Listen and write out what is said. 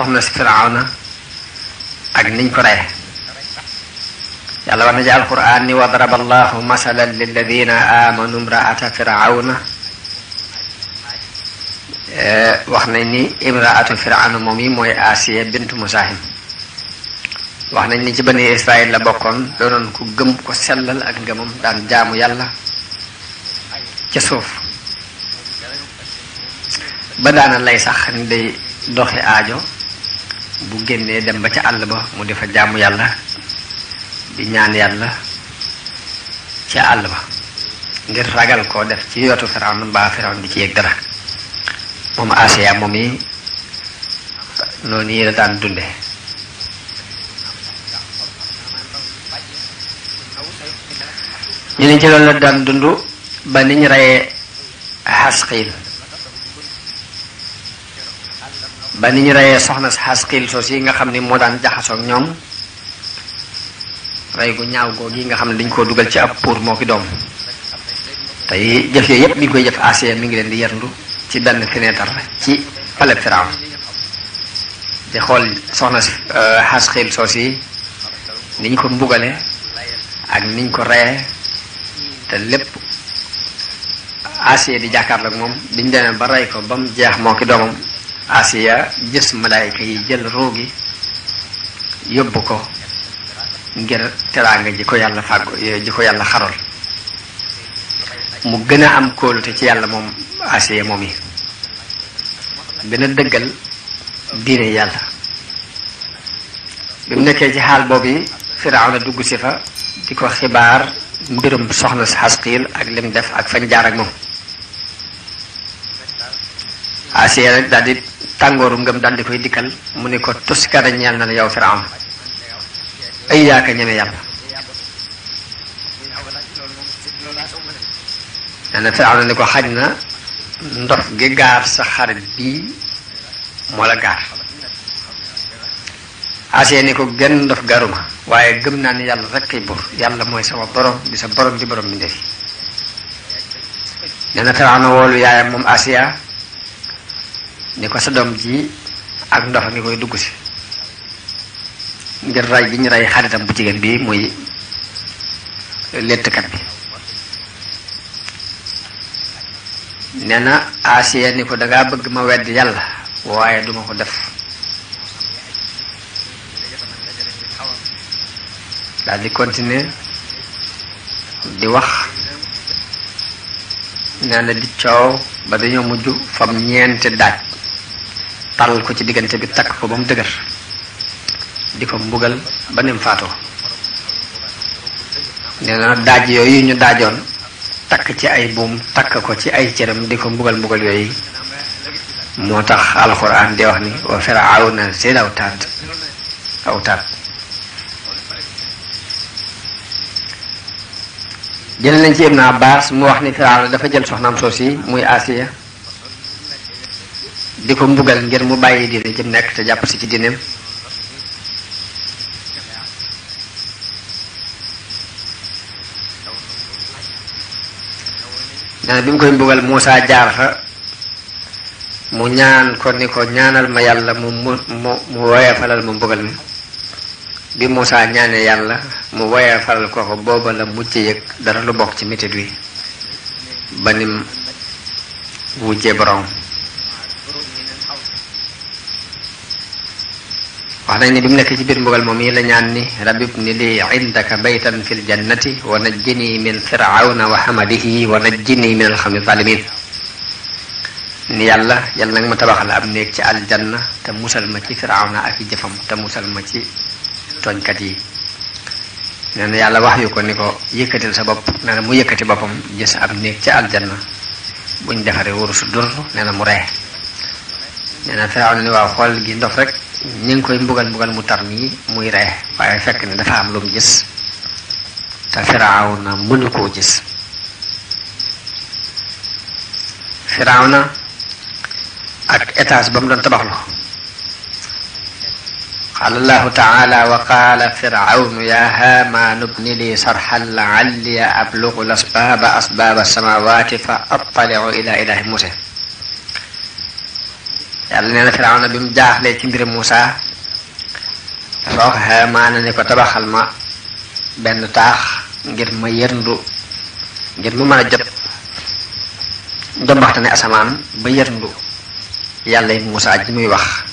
soxna si firawna ak niñ ko reye yàlla wax na ci alquran ni wa daraba allahu masalan lilladina amanu imraata firawna eh, wax nañ ni imraatu firawna moom yi mooy bintu musahim wax nañ ni ci bani israil la bokkoon doonoon ku gëm ko sellal ak ngëmam daan jaamu yàlla ca suuf ba lay sax ni day doxi aajo bu génnee dem ba ca àll ba mu defa jaamu yàlla di ñaan yàlla ca àll ba ngir ragal ko def ci yootu firawn mbaa firawn di ci yëg dara moom asiya moom yi noonu yi la daan dunde ñu ne ci loolu la daan dund ba ñu rayee xasqiil ba ni ñu reyee soxna xaskil sos yi nga xam ni moo daan jaxasoog ñoom rey gu ñaaw googu yi nga xam ne dañ koo dugal ci ab pour moo ki doom tey jëf yooyu yëpp mi ngi koy jëf asia mu ngi leen di yerndu ci benn fenêtre ci palais Firawn di xool soxna si euh, xaskil sos yi ni ñu ko mbugale ak ni ñu ko reyee te lépp asia di jàkkaarloog moom biñ demee ba rey ko ba mu jeex moo ki doomam asiya gis malaayka yi jël ruugi yóbbu ko ngir teraanga ji ko yàlla fàggu ji ko yàlla xarol mu gën a am kóolute ci yàlla moom asiya moom yi gën a dëggal diine yàlla bi mu nekkee ci xaal boobu Firawna dugg si fa di ko xibaar mbirum soxna si xasqiil ak lim def ak fañ jaar ak moom asiya rek daal di tangoru ngam dal di koy dikal mu ne ko tuskara ñeel na yow firawn ay ya ka ñene yalla ana firawn ne ko xaj na ndof gi gaar sa xarit bi mo la gar asee ni ko genn ndof garuma waye gëm na ni yalla rek kay bur yalla moy sama borom di sa borom di borom mi ndefi nee na wolu woolu yaayam moom asiya ne ko sa dom ji ak ndox ni koy dugg si ngir ray gi ñu ray xaritam bu jigen bi muy lettkat bi nena asiya ni ko daga bëgg ma wedd yalla waye duma ko def dal di continuer di wax Nana di coow ba dañoo mujj fam ñeenti daaj tal ko ci diggante bi takk ko ba mu dëgër di ko mbugal ba nim faato nee na daaj yooyu ñu daajoon takk ci ay buum takk ko ci ay cëram di ko mbugal mbugal yooyu moo tax alquran di wax ni wa firaawna zid jëlee nañ ci Ibn Abbas mu wax ni Firawna dafa jël soxnaam soo si muy Asiya di ko mbugal ngir mu bàyyi diine jëm nekk te jàpp si ci diineem nee bi mu koy mbugal Muusa jaar fa mu ñaan ko ni ko ñaanal ma yàlla mu mu mu woyafalal ma mbugal mi bi Muusa ñaanee yàlla mu woyafal ko ko booba la mucc yëg dara lu bokk ci metit wi ba nim wujje borom wax nañ ni bi mu nekk ci biir mbugal moom yi la ñaan ni rabib ni li indaka baytan fil jannati wa najjini min firawna wa hamadihi wa najjini min alxami zalimin ni yàlla yàlla nag ma tabaxal ab néeg ci aljanna te musal ma ci firawna ak jëfam te musal ma ci tooñkat yi nee yàlla wax yu ko ni ko yëkkatil sa bopp nee na mu yëkkati boppam gis ab néeg ca aljanna buñ defaree wurusu dur nee na mu ree nee na firaaw na ni waaw xool gi ndox rek ñu koy mbugal mbugal mu tar mii muy ree waaye fekk ni dafa am lu mu gis te firaaw na mënu koo gis firaaw na ak étage ba mu doon tabaxlu قال الله تعالى وقال فرعون يا هامان ابن لي صرحا لعلي أبلغ الأسباب أسباب السماوات فأطلع إلى إله موسى yàlla nee na firawna bi mu jaaxlee ci mbir Moussa dafa wax maana ne ko tabaxal ma benn taax ngir ma yërndu ngir mu mën a jot jombaxtane asamaan ba yërndu yàlla Moussa ji muy wax